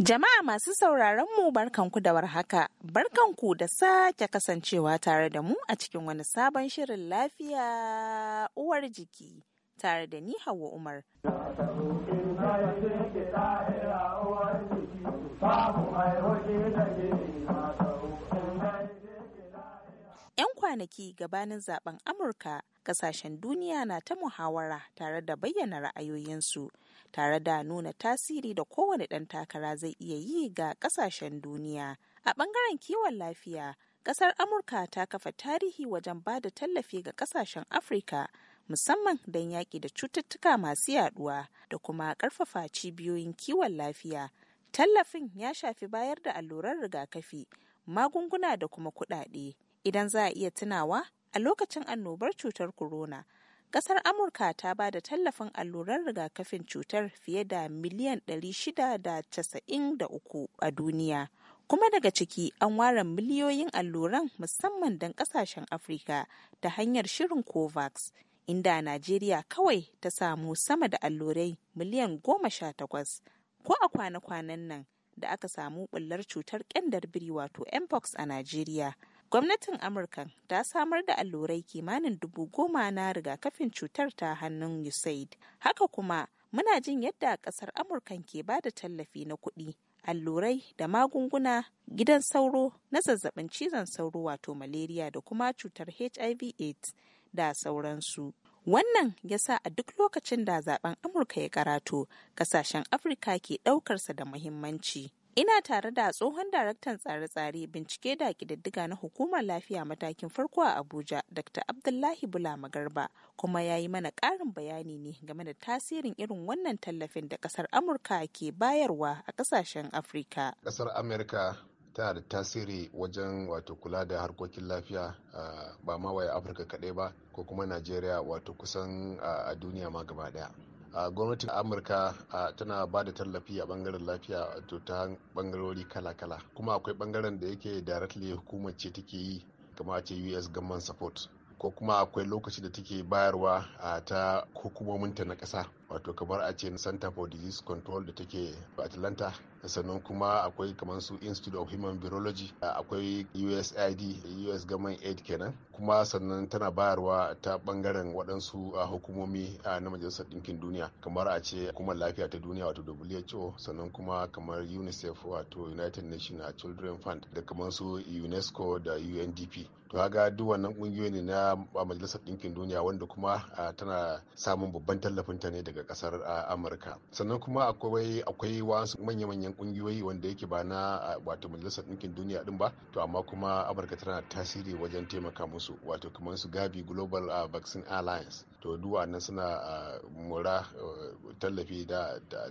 Jama'a masu sauraron mu barkanku da warhaka, barkanku da sake kasancewa tare da mu a cikin wani sabon shirin lafiya uwar jiki tare da ni Hauwa Umar. ‘Yan kwanaki gabanin zaben Amurka, ƙasashen duniya na ta muhawara tare da bayyana ra'ayoyinsu. tare da nuna tasiri da kowane ɗan takara zai iya yi ga ƙasashen duniya. A ɓangaren kiwon lafiya, ƙasar Amurka ta kafa tarihi wajen ba da tallafi ga ƙasashen Afirka musamman don yaƙi da cututtuka masu yaɗuwa da kuma ƙarfafa cibiyoyin kiwon lafiya. Tallafin ya shafi bayar da allurar rigakafi, magunguna da kuma kuɗaɗe. Idan za a iya tunawa, a lokacin annobar cutar corona Ƙasar Amurka ta ba da tallafin alluran rigakafin cutar fiye da miliyan 693 a duniya. Kuma daga ciki an ware miliyoyin alluran musamman don ƙasashen Afirka ta hanyar shirin COVAX, inda Najeriya kawai ta samu sama da allurai miliyan 18 ko a kwana-kwanan nan da aka samu ɓullar cutar ƙyandar biri wato mpox a Najeriya. Gwamnatin Amurka ta samar da allurai kimanin dubu goma na rigakafin cutar ta hannun USAID. Haka kuma muna jin yadda ƙasar Amurka ke ba da tallafi na kuɗi, allurai da magunguna, gidan sauro na zazzabin cizon sauro wato malaria da kuma cutar HIV/AIDS da sauransu. Wannan ya sa a duk lokacin da zaben Amurka ya karato, kasashen Afirka ke ɗaukarsa da muhimmanci. Ina tare da tsohon daraktan tsare-tsare bincike da ƙididdiga na hukumar lafiya matakin farko a Abuja, Dr. Abdullahi Bula Magarba, kuma ya yi mana ƙarin bayani ne game da tasirin irin wannan tallafin da ƙasar Amurka ke bayarwa a ƙasashen Afirka. Ƙasar Amurka tana da tasiri wajen wato kula da harkokin lafiya ba ma waya Afirka kaɗai ba ko kuma Najeriya wato kusan a duniya ma gaba ɗaya. a gwamnatin amurka tana ba da tallafi a bangaren lafiya to ta bangarori kala-kala kuma akwai bangaren da yake directly hukumar ce take yi kamar ce us government support ko kuma akwai lokaci da take bayarwa ta hukumominta na ƙasa wato kamar a ce center for disease control da take atlanta sannan kuma akwai kamar su institute of human virology akwai usaid us government aid kenan kuma sannan tana bayarwa ta bangaren waɗansu ah, hukumomi ah, na majalisar ɗinkin duniya kamar a ce hukumar lafiya ta duniya wato who sannan kuma kamar unicef wato united nations children fund da kamar su unesco da undp to ga duk wannan kungiyoyi ne na majalisar ɗinkin duniya wanda kuma tana samun babban tallafin ta ne daga kasar amurka sannan kuma akwai akwai wasu manya-manyan kungiyoyi wanda yake ba na wato majalisar ɗinkin duniya din ba to amma kuma amurka tana tasiri wajen taimaka musu wato kamar su gabi global vaccine alliance to duwa nan suna mura tallafi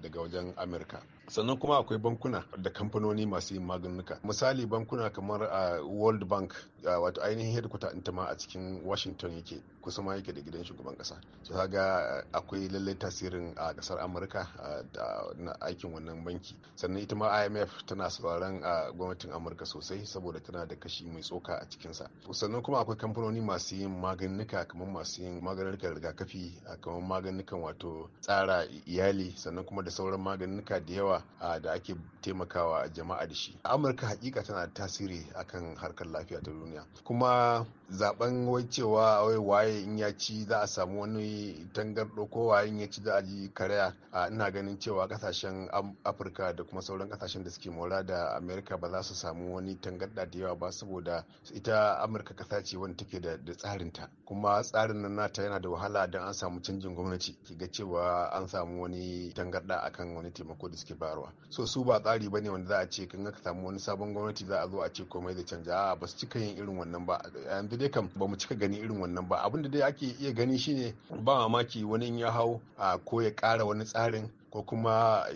daga wajen amurka sannan kuma akwai bankuna da kamfanoni masu yin maganuka misali bankuna kamar world bank wato ainihin headquarter ta ma a cikin washington yake kusa ma yake da gidan shugaban kasa so ga eh, akwai lallai tasirin a kasar amurka eh, na aikin wannan banki sannan ita ma imf tana sauraron a eh, gwamnatin amurka sosai saboda tana da kashi mai tsoka a cikinsa sannan kuma akwai kamfanoni masu yin maganinuka kamar masu yin maganinka rigakafi kamar maganinukan wato tsara iyali sannan kuma da sauran maganinuka da yawa da ake taimakawa jama'a da shi amurka hakika tana tasiri akan harkar lafiya ta duniya kuma kuma zaben wai cewa wai waye in ya ci za a samu wani tangarɗo ko waye in ya ci za a ji karaya a ina ganin cewa kasashen afirka da kuma sauran kasashen da suke mora da amerika ba za su samu wani tangarɗa da yawa ba saboda ita amurka kasa ce wani take da tsarin ta kuma tsarin nan nata yana da wahala don an samu canjin gwamnati ga cewa an samu wani tangarɗa akan wani taimako da suke bayarwa so su ba tsari bane wanda za a ce kan ka samu wani sabon gwamnati za a zo a ce komai da canja a ba su cika yin irin wannan ba yanzu dai kam ba mu cika gani irin wannan ba abinda dai ake iya gani shine ba mamaki wani ya hau a ko ya kara wani tsarin ko kuma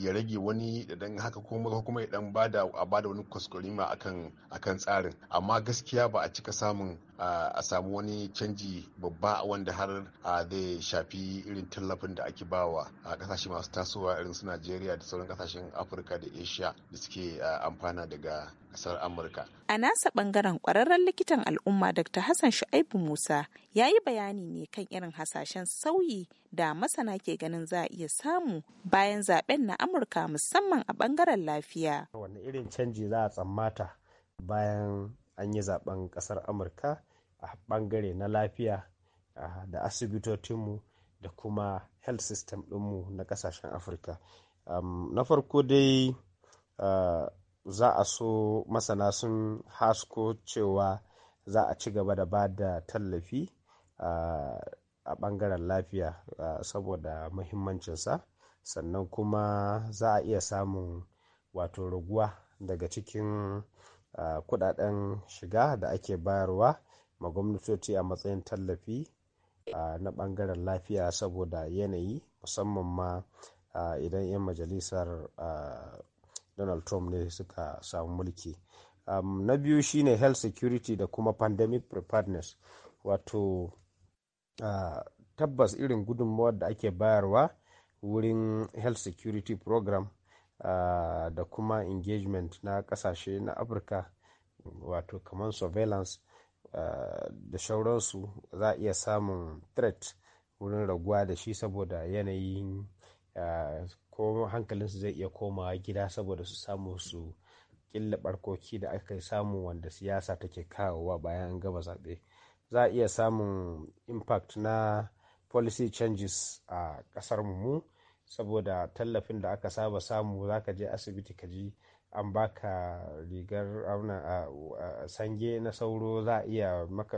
ya rage wani dan haka ko kuma ya dan bada a bada wani kuskurima akan akan tsarin amma gaskiya ba a cika samun a samu wani canji babba wanda har a zai shafi irin tallafin da ake bawa a kasashe masu tasowa irin su Najeriya da sauran kasashen Afirka da Asia da suke amfana daga kasar Amurka. A nasa bangaren kwararren likitan al'umma Dr. Hassan Shu'aibu Musa ya yi bayani ne kan irin hasashen sauyi da masana ke ganin za a iya samu mu bayan zaben na Amurka musamman a bangaren lafiya. Wani irin canji za a tsammata bayan an yi zaben kasar Amurka a bangare na lafiya da asibitotinmu da kuma health system ɗinmu na kasashen Afirka. Um, na farko dai uh, za a so masana sun hasko cewa za a ci gaba da ba da tallafi uh, a ɓangaren lafiya uh, saboda muhimmancinsa sannan kuma za a iya samun wato raguwa daga cikin kuɗaɗen kudaden shiga da ake bayarwa ma gwamnatoci a matsayin tallafi na bangaren lafiya saboda yanayi musamman ma idan 'yan majalisar donald trump ne suka samu mulki na biyu shine health security da kuma pandemic preparedness wato tabbas irin gudunmawar da ake bayarwa wurin health security program uh, da kuma engagement na kasashe na afirka wato kamar surveillance uh, da shauransu za a iya samun threat wurin raguwa da shi saboda yanayin uh, ko hankalinsu zai iya komawa gida saboda su samu su killa barkoki da aka samu wanda siyasa take kawowa bayan gaba gama zaɓe za a iya samun impact na policy changes a kasar mu saboda tallafin da aka saba samu za ka je asibiti ka ji an baka rigar auna a sange na sauro za a iya maka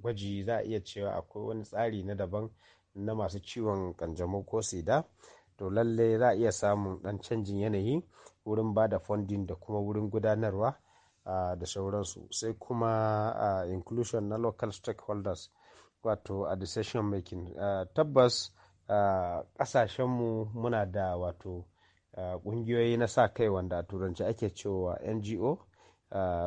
gwaji za a iya cewa akwai wani tsari na daban na masu ciwon kanjamau ko sida to lalle za a iya samun dan canjin yanayi wurin ba da funding da kuma wurin gudanarwa da sauransu sai kuma inclusion na local stakeholders wato a decision making uh, tabbas ƙasashenmu uh, muna da wato ƙungiyoyi uh, na sa kai wanda a turanci ake cewa ngo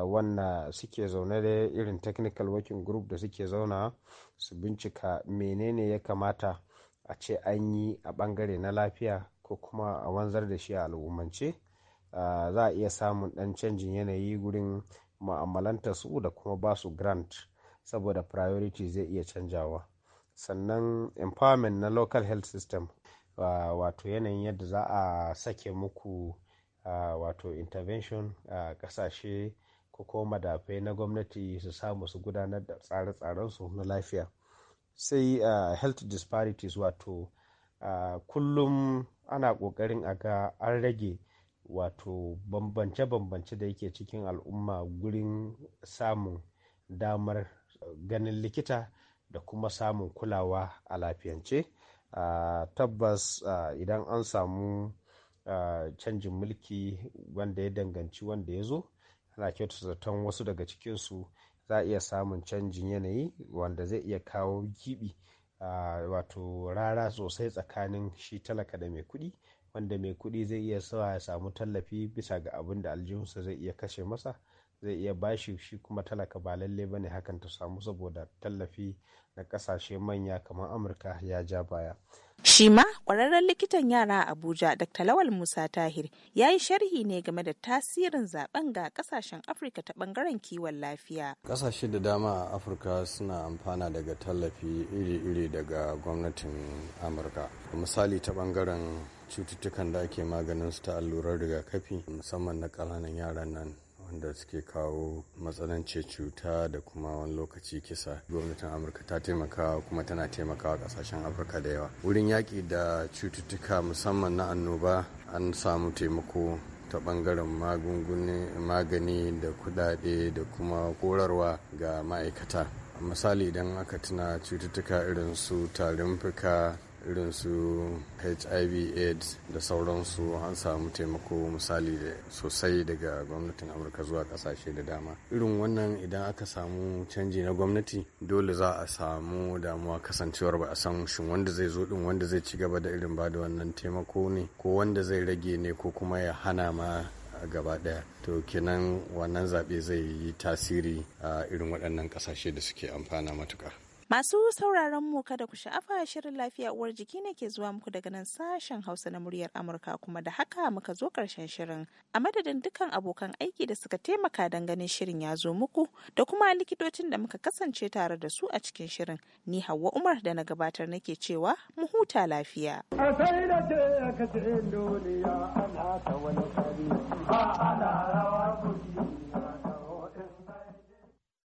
wanda suke zaune da irin technical working group da suke zauna su bincika menene ya kamata a ce an yi a bangare na lafiya ko kuma a wanzar da shi a al'ummance za a iya samun dan canjin yanayi gurin ma'amalanta su da kuma basu su grant saboda priority zai iya canjawa sannan empowerment na local health system uh, wato yanayin yadda za a sake muku uh, wato intervention a uh, kasashe ko kuma madafai na gwamnati su samu su gudanar da tsare-tsarensu na lafiya sai uh, health disparities wato uh, kullum ana ƙoƙarin a ga an rage wato bambance-bambance da yake cikin al'umma gurin samun damar ganin likita da kuma samun kulawa a lafiyance tabbas idan an samu canjin mulki wanda ya danganci wanda ya zo ana kyautata zaton wasu daga cikinsu za a iya samun canjin yanayi wanda zai iya kawo gibi wato rara sosai tsakanin shi talaka da mai kuɗi wanda mai kuɗi zai iya sawa ya samu tallafi bisa ga abin da aljihunsa zai iya kashe masa zai iya bashi shi kuma talaka ba lalle bane hakan ta samu saboda tallafi na kasashe manya kamar amurka ya ja baya shi ma kwararren likitan yara a abuja dr lawal musa tahir ya yi sharhi ne game da tasirin zaben ga kasashen afirka ta bangaren kiwon lafiya kasashe da dama a afirka suna amfana daga tallafi iri-iri daga gwamnatin amurka misali ta bangaren cututtukan da ake maganin su ta allurar rigakafi musamman na ƙananan yaran nan da suke kawo matsananci cuta da kuma wani lokaci kisa gwamnatin amurka ta taimaka kuma tana taimakawa kasashen afirka da yawa wurin yaƙi da cututtuka musamman na annoba an samu taimako ta bangaren magani da kudade da kuma korarwa ga ma'aikata misali idan aka tuna cututtuka irin su tarin fuka irin su hiv aids da sauransu an samu taimako misali sosai daga gwamnatin amurka zuwa kasashe da dama irin wannan idan aka samu canji na gwamnati dole za a samu damuwa kasancewar ba a san shin wanda zai zo din wanda zai ci gaba da irin ba da wannan taimako ne ko wanda zai rage ne ko kuma ya hana ma gaba daya to kenan wannan zaɓe zai yi tasiri a irin waɗannan ƙasashe da suke amfana matuƙa Masu sauraron mu kada ku sha'afa shirin lafiya uwar jiki ne ke zuwa muku daga nan sashen Hausa na muryar Amurka kuma da haka muka zo karshen shirin. A madadin dukkan abokan aiki da suka taimaka don ganin shirin ya zo muku da kuma likitocin da muka kasance tare da su a cikin shirin. Ni Hauwa Umar da na gabatar nake cewa mu huta lafiya.